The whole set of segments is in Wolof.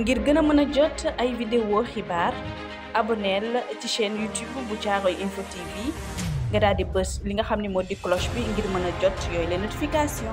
ngir gën mëna mën jot ay vidéo xibaar abonnel ci chaîne YouTube bu Caaroy info TV nga daal di bëss li nga xamni mo di cloche bi ngir mëna a jot yooyu les notification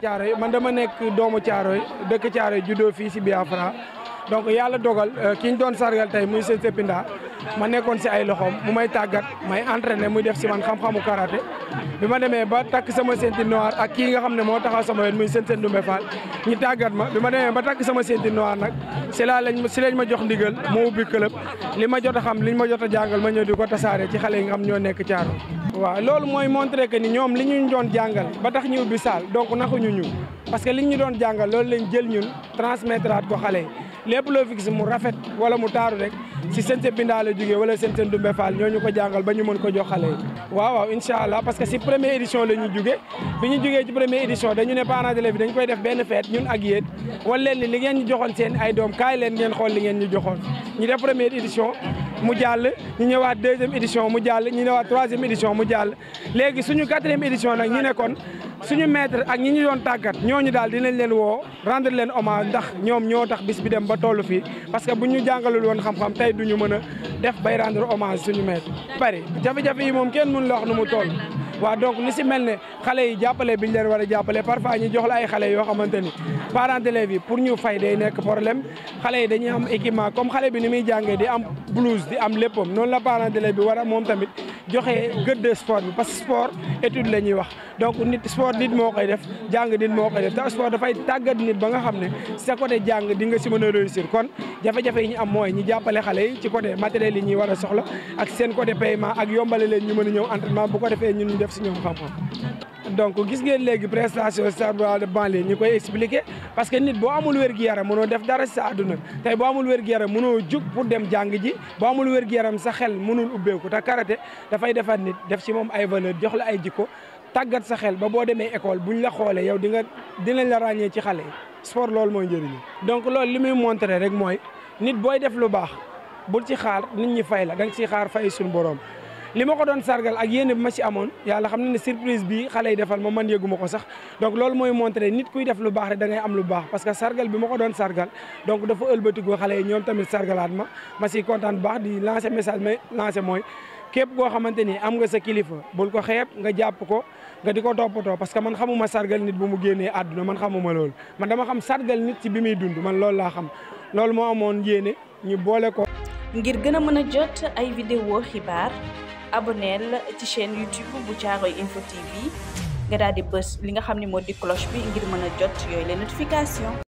Caaroy man dama nekk doomu Caaroy dëkk Caaroy juddoo fii si Biafra donc yàlla dogal euh, ki ñu doon sargal tey muy sëñ Sepinda ma nekkoon si ay loxoom mu may tàggat may entraîné muy def si man xam-xamu karaté bi ma ba takk sama ceinture noire ak kii nga xam ne moo taxaw sama yoon muy seen seen dumbe faal ma bi ma demee ba takk sama ceinture noire nag si laa lañ si lañ ma jox ndigal ma ubbi club li ma jot a xam liñ ma jot a ma ñëw di ko tasaare ci xale yi nga xam ñoo nekk caaro waaw loolu mooy montré que ni ñoom li doon jàngal ba tax ñu ubbi saal donc naxuñu ñu parce que li ñu doon jàngal lañ jël ñun transmettre ko mu rafet wala mu taaru rek si sente Binda la jógee wala sente Ndoumbé Fall ñoo ko jàngal ba ñu mën ko jox xale yi waaw waaw incha allah que si première édition la ñu jóge bi ñu jógee ci première édition dañu ne parents d'élèves bi dañ koy def benn fête ñun ak yéen wan leen ni li ngeen ñu joxoon seen ay doom kaay leen ngeen li ngeen ñu joxoon ñu def première édition mu jàll ñu ñëwaat deuxième édition mu jàll ñu ñëwaat troisième édition mu jàll léegi suñu quatrième édition nag ñu ne kon suñu maître ak ñi ñu doon tàggat ñooñu daal dinañ leen woo rendre leen hommage ndax ñoom ñoo tax bis bi dem ba tollu fii parce que bu ñu jàngalul woon xam-xam tey duñu mën a def bay rendre hommage suñu maître bari jafe-jafe yi moom kenn mënu la wax nu mu toll waaw donc lu si mel ne xale yi jàppale bi ñu leen war a jàppale parfois ñu jox la ay xale yoo xamante ni parents d'élèves yi pour ñu fay day nekk problème xale yi dañuy am équipement comme xale bi ni muy jàngee di am blouse di am léppam noonu la parents d'élèves bi war a moom tamit joxe gëdd sport bi parce que sport étude la ñuy wax donc nit sport nit moo koy def jàng nit moo koy def te sport dafay tàggat nit ba nga xam ne sa côté jàng di nga si mën a réussir kon jafe-jafe yi ñu am mooy ñu jàppale xale yi ci côté matériel yi ñuy war a soxla ak seen côté paiement ak yombale leen ñu mën a ñëw entraînement bu ko defee ñun ñu def si ñëw xam-xam donc gis ngeen léegi prestation a de banlieue ñi koy expliqué parce que nit boo amul wér-gu-yaram mënoo def dara si sa àdduna tey boo amul wér-gu-yaram mënoo jug pour dem jàng ji boo amul wér-gu-yaram sa xel mënul ubbeeku te karaté dafay defar nit def si moom ay valeur jox la ay jikko tàggat sa xel ba boo demee école buñ la xoolee yow di dinañ la ràññee ci xale yi loolu mooy njëriñu. donc loolu li muy montré rek mooy nit booy def lu baax bu ci xaar nit ñi fay la danga ciy xaar fay suñu borom. li ma ko doon sargal ak yéene bi ma ci amoon yàlla xam na ne surprise bi xale yi defal ma man yëguma ko sax donc loolu mooy montré nit kuy def lu baax rek da am lu baax parce que sargal bi ma ko doon sargal donc dafa ëlbatigoo xale yi ñoom tamit sargalaat ma ma ci kontaan bu baax di lancer message mais lancer mooy képp koo xamante ni am nga sa kilifa bul ko xeeb nga jàpp ko nga di ko toppatoo parce que man xamuma sargal nit bu mu génnee àdduna man xamuma loolu man dama xam sargal nit ci bi muy dund man loolu laa xam loolu moo amoon yéene ñu boole ko ngir gën a mën a jot ay vidéo xibaar Abonnez-vous à la chaîne YouTube bu Info TV Vous daal des li cloche bi les notifications.